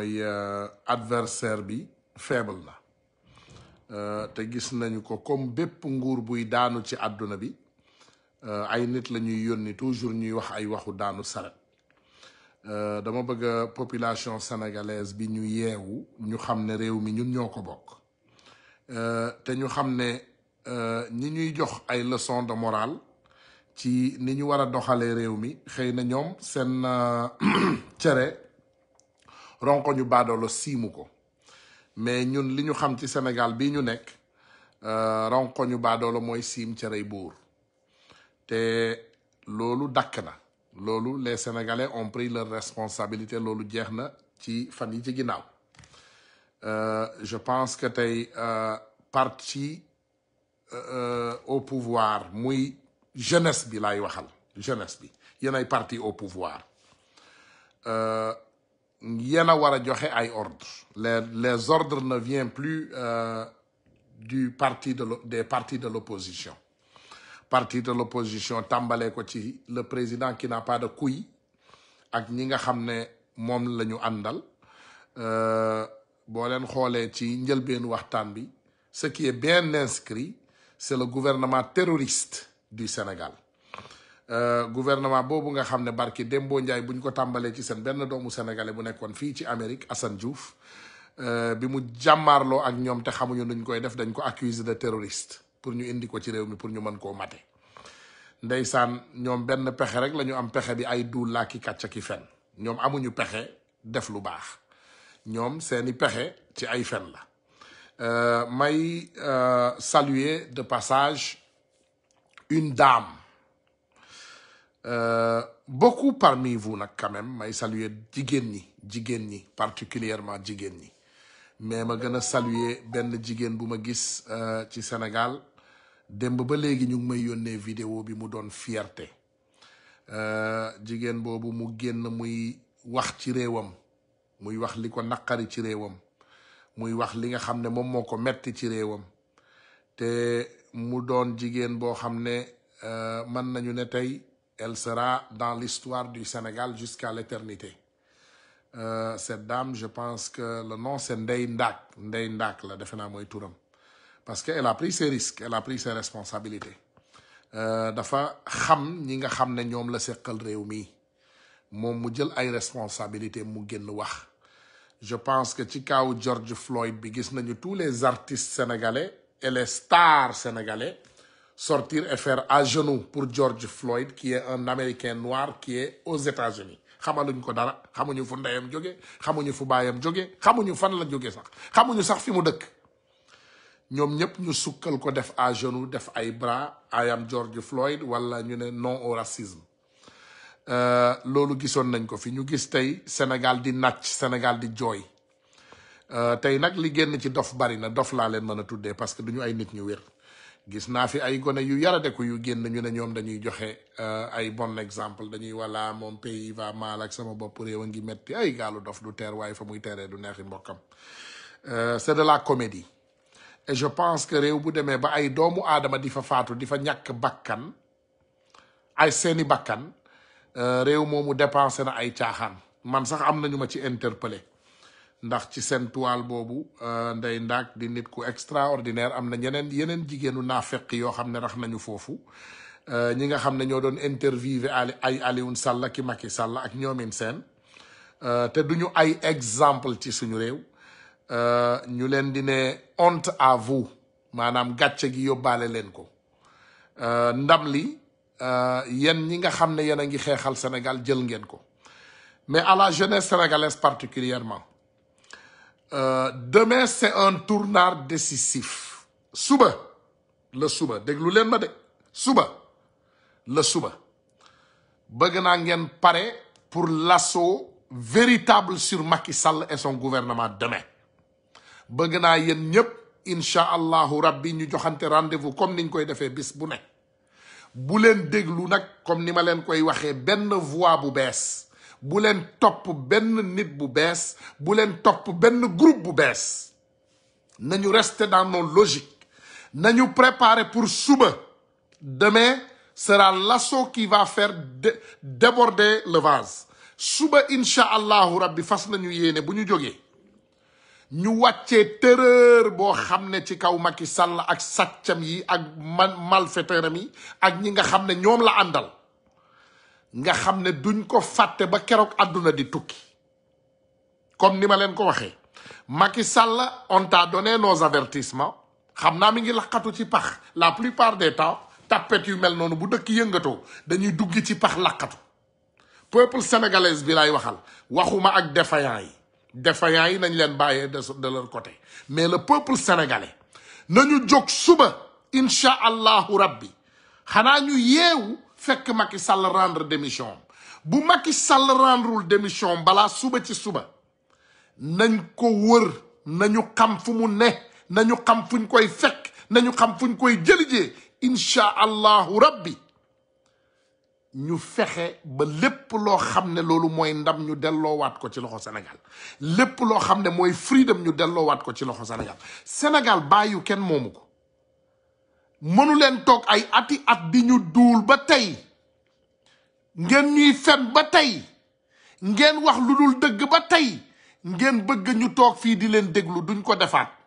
mooy euh, adversaire bi faible la euh, te gis nañu ko comme bépp nguur buy daanu ci àdduna bi euh, ay nit la ñuy yónni toujours ñuy wax ay waxu daanu saret dama bëgg population sénégalaise bi ñu yeewu ñu xam ne réew mi ñun ñoo ko bokk te ñu xam ne ñi ñuy jox ay leçon de morale ci ni ñu war a doxalee réew mi xëy na ñoom seen cere ronko ñu baadoolo siimu ko mais ñun li ñu xam ci Sénégal bii ñu nekk euh, ronko ñu baadoolo mooy siim cerey buur te loolu dakk na loolu les Sénégalais ont pris leur responsabilité loolu jeex na ci fan yi ci ginnaaw euh, je pense que tey euh, parti au pouvoir muy jeunesse bi laay waxal jeunesse bi yeney partie parti au pouvoir yéen a war a joxe ay ordres les les ordres ne viennent plus euh, du parti de des partis de l'opposition parti de l'opposition tàmbalee ko ci le président qui n'a pas de couille ak ñi nga xam ne moom la ñu àndal euh, boo leen xoolee ci njëlbeenu waxtaan bi ce qui est bien inscrit c'est le gouvernement terroriste du Sénégal Euh, gouvernement boobu nga xam ne barki Dembo Ndiaye bu ñu ko tàmbalee ci seen benn doomu sénégalais bu nekkoon fii ci Amérique Assane Diouf euh, bi mu jàmmaarloo ak ñoom te xamuñu nuñ koy def dañ ko accusé de terroriste pour ñu indi ko ci réew mi pour ñu mën koo mate ndeysaan ñoom benn pexe rek la am pexe bi ay duul laa ki kàcca ki fen ñoom amuñu pexe def lu baax ñoom seeni pexe ci ay fen la euh, may saluer de passage une dame Euh, beaucoup parmi vous nag quand même may saluer jigéen ñi jigéen ñi particulièrement jigéen ñi mais ma gën a saluer benn jigéen bu ma gis euh, ci Sénégal démb ba léegi ñu ngi may yónnee vidéo bi mu doon fierté euh, jigéen boobu mu génn muy wax ci réewam muy wax li ko naqari ci réewam muy wax li nga xam ne moom moo ko metti ci réewam te mu doon jigéen boo xam ne man nañu ne tey Elle sera dans l'histoire du Sénégal jusqu'à l'éternité. Euh, cette dame, je pense que le nom c'est ndey Ndak. ndey Ndak la defe naa mooy turam parce que elle a pris ses risques elle a pris ses responsabilités. Euh, dafa xam ñi nga xam ne ñoom la seqal réew mi moom mu jël ay responsabilités mu génn wax. je pense que ci kaaw George Floyd bi gis nañu tous les artistes sénégalais et les stars sénégalais. sortir et faire à genoux pour George Floyd qui est un américain noir qui est aux États-Unis xamaluñ ko dara xamuñu fu ndeyam jóge xamuñu fu baayam jóge xamuñu fan la jóge sax xamuñu sax fi mu dëkk ñoom ñëpp ñu sukkal ko def à genoux def ay bras ayam am George Floyd wala ñu ne non au racisme euh, loolu gisoon nañ ko fi ñu gis tey Sénégal di nàcc Sénégal di jooy euh, tey nag li génn ci dof bari na dof laa leen mën a tuddee parce que du ñu ay nit ñu wér gis naa fi ay gone yu yaradeku yu génn ñu ne ñoom dañuy joxe euh, ay bon exemple dañuy wala moom pays va mal ak sama bopp réew a ngi metti ay gaalu dof du teer waaye fa muy teeree du neexi mbokkam euh, c'est de la comédie et je pense que réew bu demee ba ay doomu aadama di fa faatu di fa ñàkk bakkan ay seeni bakkan euh, réew moomu dépensé na ay caaxaan man sax am nañu ma ci interpellé ndax ci seen toile boobu euh, Ndeye Ndack di nit ku extraordinaire am na ñeneen yeneen jigéenu naafeq yoo xam ne rax nañu foofu euh, ñi nga xam ne ñoo doon interviewé Ali ay Alioune Sall ki Macky Sall ak ñoomin seen euh, te duñu ay exemple ci suñu réew ñu leen dine ne honte à maanaam gàcce gi yóbbaale leen ko ndam li yéen ñi nga xam ne yéen a ngi xeexal Sénégal jël ngeen ko mais à la jeunesse sénégalaise particulièrement Euh, demain c'est un tournant décisif suba la suba déglu leen ma de suba la suba bëgg naa ngeen pare pour l'assaut véritable sur Macky Sall et son gouvernement demain bëgg naa yéen ñëpp incha allahu rabbi ñu joxante rendez-vous comme niñ koy defee bis bu ne bu leen déglu nag comme ni ma leen koy waxee benn voix bu bees buleen topp benn nit bu bees bu leen topp benn group bu bees nañu rester dans nos logiques nañu préparer pour suba demain sera l'assaut qui va faire déborder le vase suba incha allahu rabbi fas nañu yéene bu ñu jógee ñu wàccee terreur boo xam ne ci kaw Macky Sall ak sàccam yi ak man yi ak ñi nga xam ne ñoom la àndal nga xam ne duñ ko fàtte ba keroog àdduna di tukki comme ni ma leen ko waxee Macky Sall on donné nos avertissement xam naa mi ngi laqatu ci pax la plupart des temps tapet yu mel noonu bu dëkk yëngatoo dañuy dugg ci pax laqatu peuple sénégalais bi lay waxal waxuma ak défaillant yi défaillant yi nañ leen bàyyee de leur côté mais le peuple sénégalais nañu jóg suba incha allahu rabbi xanaa ñu yeewu fekk makki Sall rendre démission bu Macky Sall rendrewul démission balaa suba ci suba nañ ko wër nañu xam fu mu ne nañu xam fuñ koy fekk nañu xam fuñ koy jëlijee incha allahu rabbi ñu fexe ba lépp loo xam ne loolu mooy ndam ñu delloowaat ko ci loxo Sénégal lépp loo xam ne mooy freedom ñu delloowaat ko ci loxo Sénégal Sénégal bàyyu kenn moomu ko mënu leen toog ay ati at di ñu duul ba tey ngeen ñuy fen ba tey ngeen wax lu dul dëgg ba tey ngeen bëgg ñu toog fii di leen déglu duñ ko defaat